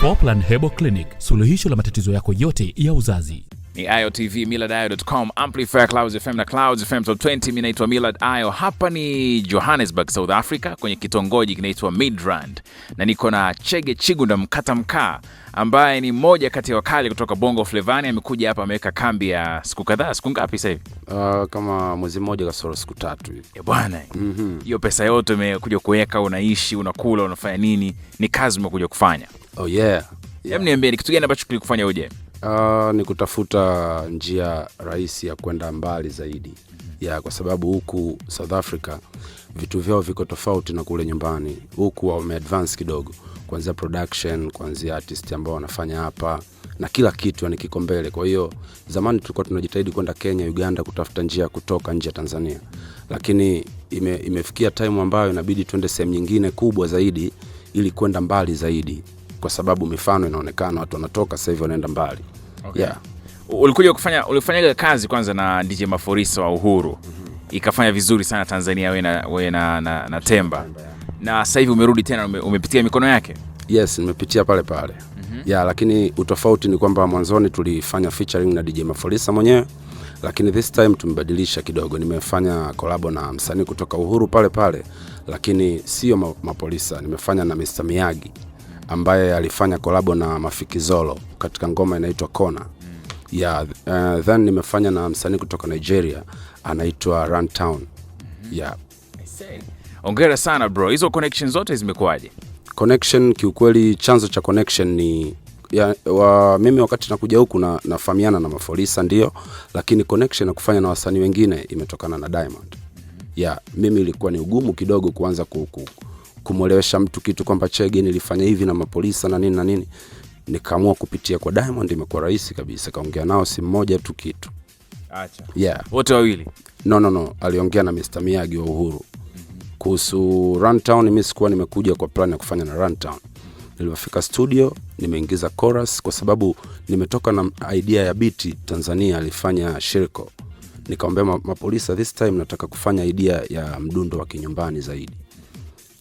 Poplan Herbal Clinic, suluhisho la matatizo yako yote ya uzazi ni iotv TV, millardayo.com, Amplifier, Clouds FM na Clouds FM Top 20. mi naitwa Millard io hapa ni Johannesburg, South Africa, kwenye kitongoji kinaitwa Midrand, na niko na Chege Chigunda Mkata Mkaa ambaye ni mmoja kati ya wakali kutoka Bongo Flevani. Amekuja hapa ameweka kambi ya siku kadhaa, siku ngapi sahivi Uh, ah, kama mwezi mmoja kasoro siku tatu hivi. bwana, mhm. hiyo mm -hmm. pesa yote umekuja kuweka, unaishi, unakula, unafanya nini? Ni kazi umekuja kufanya? Oh yeah, yeah. Niambie ni kitu gani ambacho kilikufanya uje? Uh, ni kutafuta njia rahisi ya kwenda mbali zaidi ya, kwa sababu huku South Africa vitu vyao viko tofauti na kule nyumbani. Huku wameadvance kidogo, kuanzia production, kuanzia artist ambao wanafanya hapa na kila kitu yani kiko mbele. Kwa hiyo zamani tulikuwa tunajitahidi kwenda Kenya, Uganda kutafuta njia ya kutoka nje ya Tanzania, lakini ime, imefikia time ambayo inabidi tuende sehemu nyingine kubwa zaidi ili kwenda mbali zaidi kwa sababu mifano inaonekana, watu wanatoka sasa hivi wanaenda mbali. Okay. Yeah. Ulikuja kufanya ulifanyaga kazi kwanza na DJ Maforisa wa Uhuru. mm -hmm. Ikafanya vizuri sana Tanzania wewe na, we na, na, na Temba. na sasa hivi umerudi tena ume, umepitia mikono yake. Yes, nimepitia pale pale. mm -hmm. Yeah, lakini utofauti ni kwamba mwanzoni tulifanya featuring na DJ Maforisa mwenyewe, lakini this time tumebadilisha kidogo. Nimefanya kolabo na msanii kutoka Uhuru pale pale, lakini sio Mapolisa. Nimefanya na Mr Miyagi ambaye alifanya kolabo na Mafikizolo katika ngoma inaitwa Kona ya yeah, uh, then nimefanya na msanii kutoka Nigeria anaitwa Runtown. Mhm. Yeah. Ongera sana bro. Hizo connection zote zimekuwaje? Connection kiukweli, chanzo cha connection ni ya, wa, mimi wakati nakuja huku na, nafahamiana na mafolisa ndio, lakini connection ya kufanya na wasanii wengine imetokana na Diamond. Mhm. ya Yeah, mimi ilikuwa ni ugumu kidogo kuanza ku, ku, kumwelewesha mtu kitu kwamba Chege nilifanya hivi na mapolisa na nini na nini. Nikaamua kupitia kwa Diamond, imekuwa rahisi kabisa. Kaongea nao si mmoja tu kitu. Acha. Yeah. Wote wawili. No, no, no. Aliongea na Mr. Miyagi wa Uhuru mhm. kuhusu Runtown. Mimi sikuwa nimekuja kwa plan ya kufanya na Runtown. Nilipofika studio nimeingiza chorus kwa sababu nimetoka na idea ya biti. Tanzania alifanya Shirko, nikamwambia mapolisa, this time nataka kufanya idea ya mdundo wa kinyumbani zaidi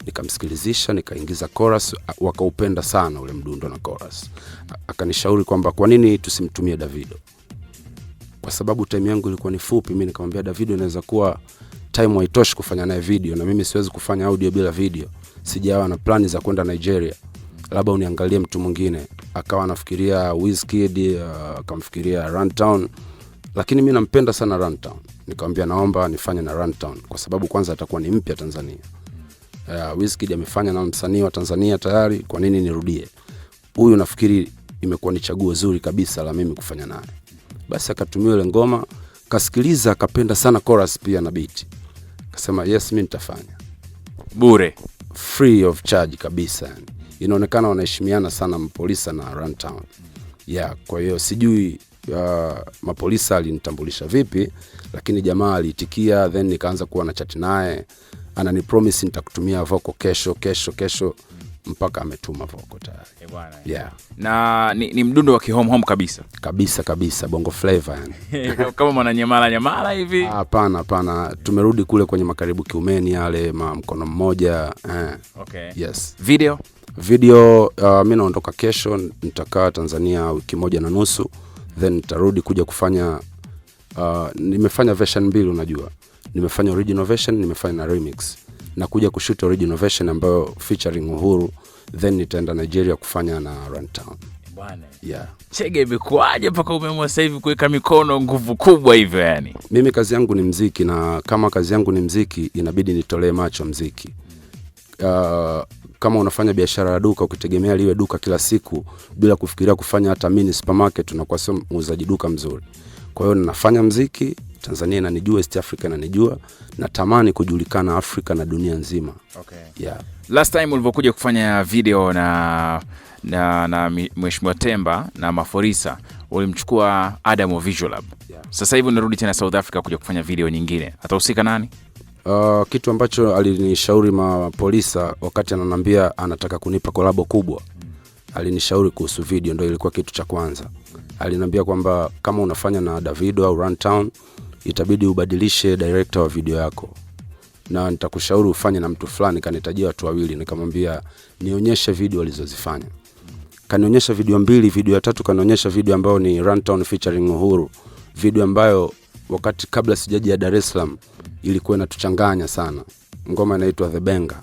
nikamsikilizisha, nikaingiza chorus, wakaupenda sana ule mdundo na chorus. Akanishauri kwamba kwa nini tusimtumie Davido, kwa sababu time yangu ilikuwa ni fupi. mi nikamwambia Davido, inaweza kuwa time haitoshi kufanya naye video, na mimi siwezi kufanya audio bila video, sijawa na plani za kwenda Nigeria, labda uniangalie mtu mwingine. Akawa anafikiria Wizkid, akamfikiria uh, Runtown, lakini mi nampenda sana Runtown. Nikamwambia naomba nifanye na Runtown kwa sababu kwanza atakuwa ni mpya Tanzania uh, eh, Wizkid amefanya na msanii wa Tanzania tayari, kwa nini nirudie huyu? Nafikiri imekuwa ni chaguo zuri kabisa la mimi kufanya naye. Basi akatumia ile ngoma, kasikiliza, akapenda sana chorus pia na beat, akasema yes, mimi nitafanya bure, free of charge kabisa. Yani Inaonekana wanaheshimiana sana mapolisa na Runtown yeah. Kwa hiyo sijui Uh, mapolisa alinitambulisha vipi, lakini jamaa aliitikia, then nikaanza kuwa na chat naye anani promise nitakutumia voko kesho kesho kesho mpaka ametuma voko tayari e yeah. na ni, ni mdundo wa kihome home kabisa kabisa kabisa bongo flavor yani eh, kama mwananyamala nyamala hivi ah, hapana hapana tumerudi kule kwenye makaribu kiumeni yale ma mkono mmoja eh. okay. yes video video uh, mi naondoka kesho nitakaa tanzania wiki moja na nusu then nitarudi kuja kufanya uh, nimefanya version mbili unajua nimefanya original version, nimefanya na remix na kuja kushoot original version ambayo featuring Uhuru, then nitaenda Nigeria kufanya na Runtown. Bwana. Yeah. Chege imekuaje mpaka umeamua sasa hivi kuweka mikono nguvu kubwa hivyo yani? Mimi kazi yangu ni mziki na kama kazi yangu ni mziki inabidi nitolee macho mziki. Uh, kama unafanya biashara ya duka ukitegemea liwe duka kila siku bila kufikiria kufanya hata mini supermarket, unakuwa sio muuzaji duka mzuri. Kwa hiyo nafanya mziki Tanzania inanijua, East Africa inanijua, natamani kujulikana Afrika na dunia nzima. Okay. Yeah. Last time ulivyokuja kufanya video na na, na Mheshimiwa Temba na Maforisa ulimchukua Adam wa Visual Lab. Yeah. Sasa hivi unarudi tena South Africa kuja kufanya video nyingine, atahusika nani? Uh, kitu ambacho alinishauri Mapolisa wakati ananambia anataka kunipa kolabo kubwa, alinishauri kuhusu video, ndo ilikuwa kitu cha kwanza. alinambia kwamba kama unafanya na Davido au Runtown itabidi ubadilishe director wa video yako, na nitakushauri ufanye na mtu fulani. Kanitajia watu wawili, nikamwambia nionyeshe video alizozifanya. Kanionyesha video mbili, video ya tatu kanionyesha video ambayo ni Runtown featuring Uhuru, video ambayo wakati kabla sijaji ya Dar es Salaam ilikuwa inatuchanganya sana. Ngoma inaitwa The Benga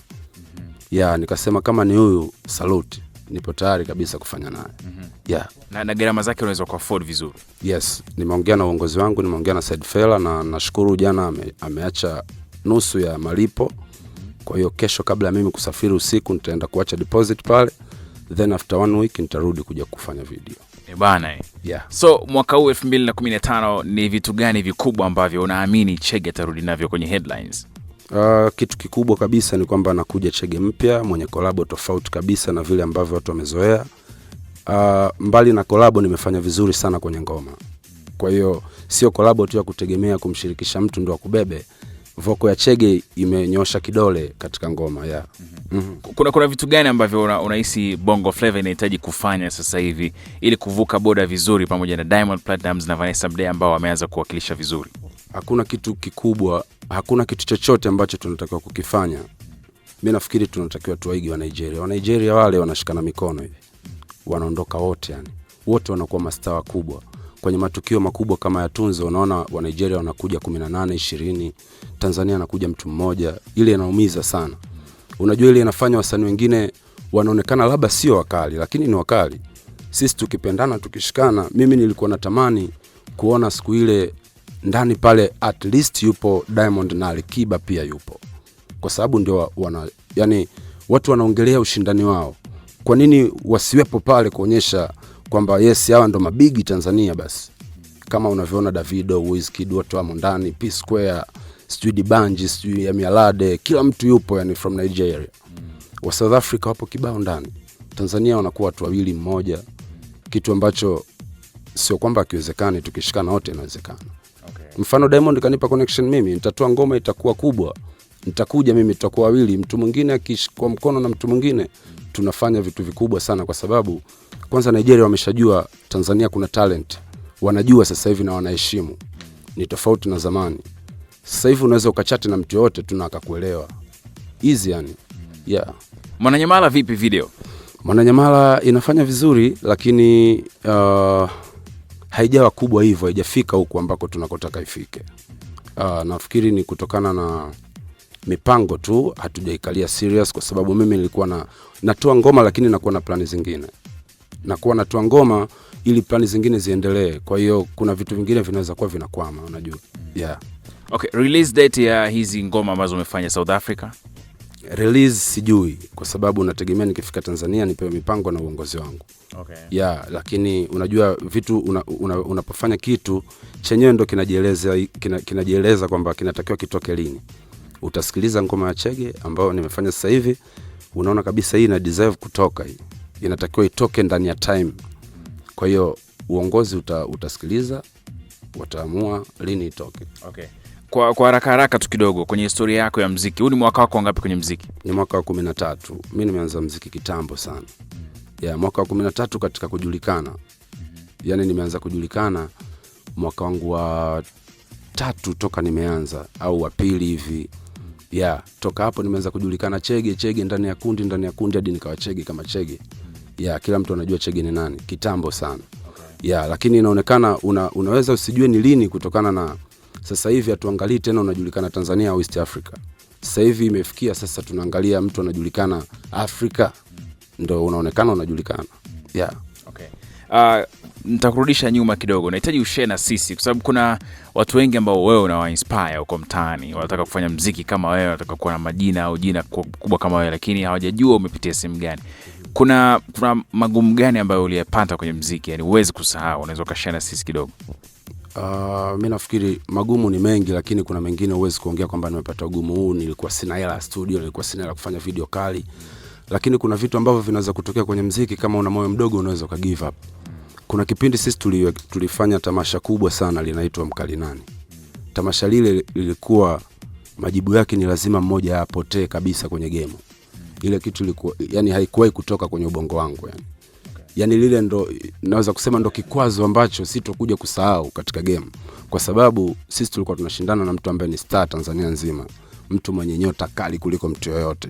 ya nikasema kama ni huyu saluti nipo tayari kabisa kufanya naye mm -hmm. yeah. na, na gharama zake unaweza ku vizuri. Yes, nimeongea na uongozi wangu, nimeongea na Said na nashukuru jana ame, ameacha nusu ya malipo. Kwa hiyo kesho, kabla ya mimi kusafiri usiku, nitaenda kuacha deposit pale, then after one week nitarudi kuja kufanya video eh, bana eh. yeah. So mwaka huu 215 ni vitu gani vikubwa ambavyo unaamini Chege atarudi navyo kwenye headlines? Uh, kitu kikubwa kabisa ni kwamba anakuja Chege mpya mwenye kolabo tofauti kabisa na vile ambavyo watu wamezoea. Uh, mbali na kolabo nimefanya vizuri sana kwenye ngoma, kwa hiyo sio kolabo tu ya kutegemea kumshirikisha mtu ndo akubebe. Voko ya Chege imenyosha kidole katika ngoma ya yeah. Mhm. mm -hmm. Mm -hmm. Kuna, kuna vitu gani ambavyo unahisi una Bongo Flava inahitaji kufanya sasa hivi ili kuvuka boda vizuri pamoja na Diamond Platnumz na Vanessa Mdee ambao wameanza kuwakilisha vizuri? Hakuna kitu kikubwa hakuna kitu chochote ambacho tunatakiwa kukifanya. Mi nafikiri tunatakiwa tuwaige wa Nigeria. Wa Nigeria wale wanashikana mikono hivi, wanaondoka wote, yani wote wanakuwa mastaa wakubwa kwenye matukio makubwa kama ya tunzo. Unaona wa Nigeria wanakuja nane ishirini Tanzania anakuja mtu mmoja. Ile inaumiza sana, unajua, ile inafanya wasanii wengine wanaonekana labda sio wakali, lakini ni wakali. Sisi tukipendana, tukishikana, mimi nilikuwa natamani kuona siku ile ndani pale at least yupo Diamond na Alikiba pia yupo, kwa sababu ndio wana, yani watu wanaongelea ushindani wao. Kwa nini wasiwepo pale kuonyesha kwamba yes, hawa ndo mabigi Tanzania? Basi kama unavyoona Davido, Wizkid, watu wamo ndani, P Square, sijui Dibanji, sijui Amialade, kila mtu yupo, yani from Nigeria. Wa South Africa wapo kibao ndani, Tanzania wanakuwa watu wawili mmoja, kitu ambacho sio kwamba akiwezekani, tukishikana wote inawezekana. Mfano Diamond kanipa connection mimi, nitatoa ngoma itakuwa kubwa, nitakuja mimi, tutakuwa wawili, mtu mwingine akishikwa mkono na mtu mwingine, tunafanya vitu vikubwa sana, kwa sababu kwanza Nigeria wameshajua Tanzania kuna talent, wanajua sasa hivi na wanaheshimu. Ni tofauti na zamani. Sasa hivi unaweza ukachati na mtu yoyote tuna akakuelewa easy, yani yeah. Mwananyamala vipi video? Mwananyamala inafanya vizuri lakini uh, haijawa kubwa hivyo, haijafika huku ambako tunakotaka ifike. Uh, nafikiri ni kutokana na mipango tu, hatujaikalia serious, kwa sababu mimi nilikuwa na natoa ngoma, lakini nakuwa na plani zingine, nakuwa natoa ngoma ili plani zingine ziendelee. Kwa hiyo kuna vitu vingine vinaweza kuwa vinakwama, unajua yeah. Okay, release date ya hizi ngoma ambazo umefanya South Africa release sijui, kwa sababu nategemea nikifika Tanzania nipewe mipango na uongozi wangu okay. Yeah, lakini unajua vitu unapofanya una, una kitu chenyewe ndo kinajieleza kina, kinajieleza kwamba kinatakiwa kitoke lini. Utasikiliza ngoma ya Chege ambayo nimefanya sasa hivi, unaona kabisa hii ina deserve kutoka, hii inatakiwa itoke ndani ya time. Kwa hiyo uongozi uta, utasikiliza wataamua lini itoke okay kwa, kwa haraka haraka tu kidogo kwenye historia yako ya mziki, huu ni mwaka wako wangapi kwenye mziki? Ni mwaka wa kumi na tatu. Mi nimeanza mziki kitambo sana ya mm-hmm. yeah, mwaka wa kumi na tatu katika kujulikana, mm-hmm. yani nimeanza kujulikana mwaka wangu wa tatu toka nimeanza au wa pili hivi mm-hmm. yeah, toka hapo nimeanza kujulikana Chege Chege ndani ya kundi ndani ya kundi hadi nikawa Chege kama Chege ya yeah, kila mtu anajua Chege ni nani kitambo sana ya yeah, lakini inaonekana una, unaweza usijue ni lini kutokana na sasa hivi hatuangalii tena unajulikana Tanzania au East Africa. Sasa hivi imefikia sasa tunaangalia mtu anajulikana Afrika ndo unaonekana unajulikana. Yeah. Okay. Uh, ah, ntakurudisha nyuma kidogo, nahitaji ushee na sisi, kwa sababu kuna watu wengi ambao wewe unawa huko mtaani, wanataka kufanya mziki kama wewe, wanataka kuwa na majina au jina kubwa kama wewe, lakini hawajajua umepitia sehemu gani. Kuna, kuna magumu gani ambayo uliyapata kwenye mziki, yani huwezi kusahau? Unaweza ukashea na sisi kidogo? Uh, mi nafikiri magumu ni mengi, lakini kuna mengine huwezi kuongea kwamba nimepata ugumu huu, nilikuwa sina hela studio, nilikuwa sina hela kufanya video kali, lakini kuna vitu ambavyo vinaweza kutokea kwenye mziki. Kama una moyo mdogo, unaweza uka give up. Kuna kipindi sisi tuli, tulifanya tamasha kubwa sana linaitwa Mkali Nani. Tamasha lile lilikuwa majibu yake ni lazima mmoja apotee kabisa kwenye gemu ile kitu ilikuwa, yani haikuwahi kutoka kwenye ubongo wangu yani yani lile ndo naweza kusema ndo kikwazo ambacho sitokuja kusahau katika game, kwa sababu sisi tulikuwa tunashindana na mtu ambaye ni star Tanzania nzima, mtu mwenye nyota kali kuliko mtu yoyote.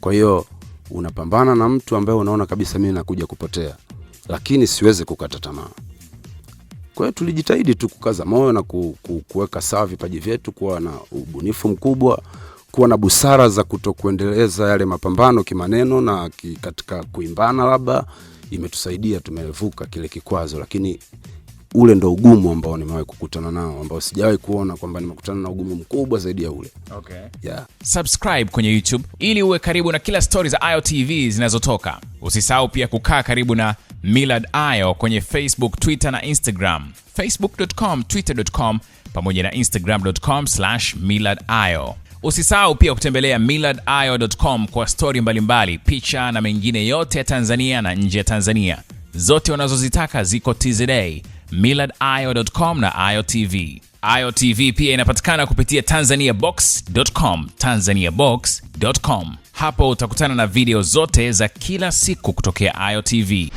Kwa hiyo unapambana na mtu ambaye unaona kabisa mimi nakuja kupotea, lakini siwezi kukata tamaa. Kwa hiyo tulijitahidi tu kukaza moyo na ku, ku, kuweka sawa vipaji vyetu, kuwa na ubunifu mkubwa, kuwa na busara za kutokuendeleza yale mapambano kimaneno na katika kuimbana labda imetusaidia, tumevuka kile kikwazo, lakini ule ndo ugumu ambao nimewahi kukutana nao ambao sijawahi kuona kwamba nimekutana na ugumu mkubwa zaidi ya ule. Okay. Yeah. Subscribe kwenye YouTube ili uwe karibu na kila stori za iotv zinazotoka. Usisahau pia kukaa karibu na milad io kwenye Facebook, Twitter na Instagram. Facebook.com, Twitter.com pamoja na instagramcom io Usisahau pia kutembelea millardayo.com kwa stori mbalimbali, picha na mengine yote ya Tanzania na nje ya Tanzania. Zote unazozitaka ziko TZA, millardayo.com na IOTV. IOTV pia inapatikana kupitia tanzaniabox.com, tanzaniabox.com. Hapo utakutana na video zote za kila siku kutokea IOTV.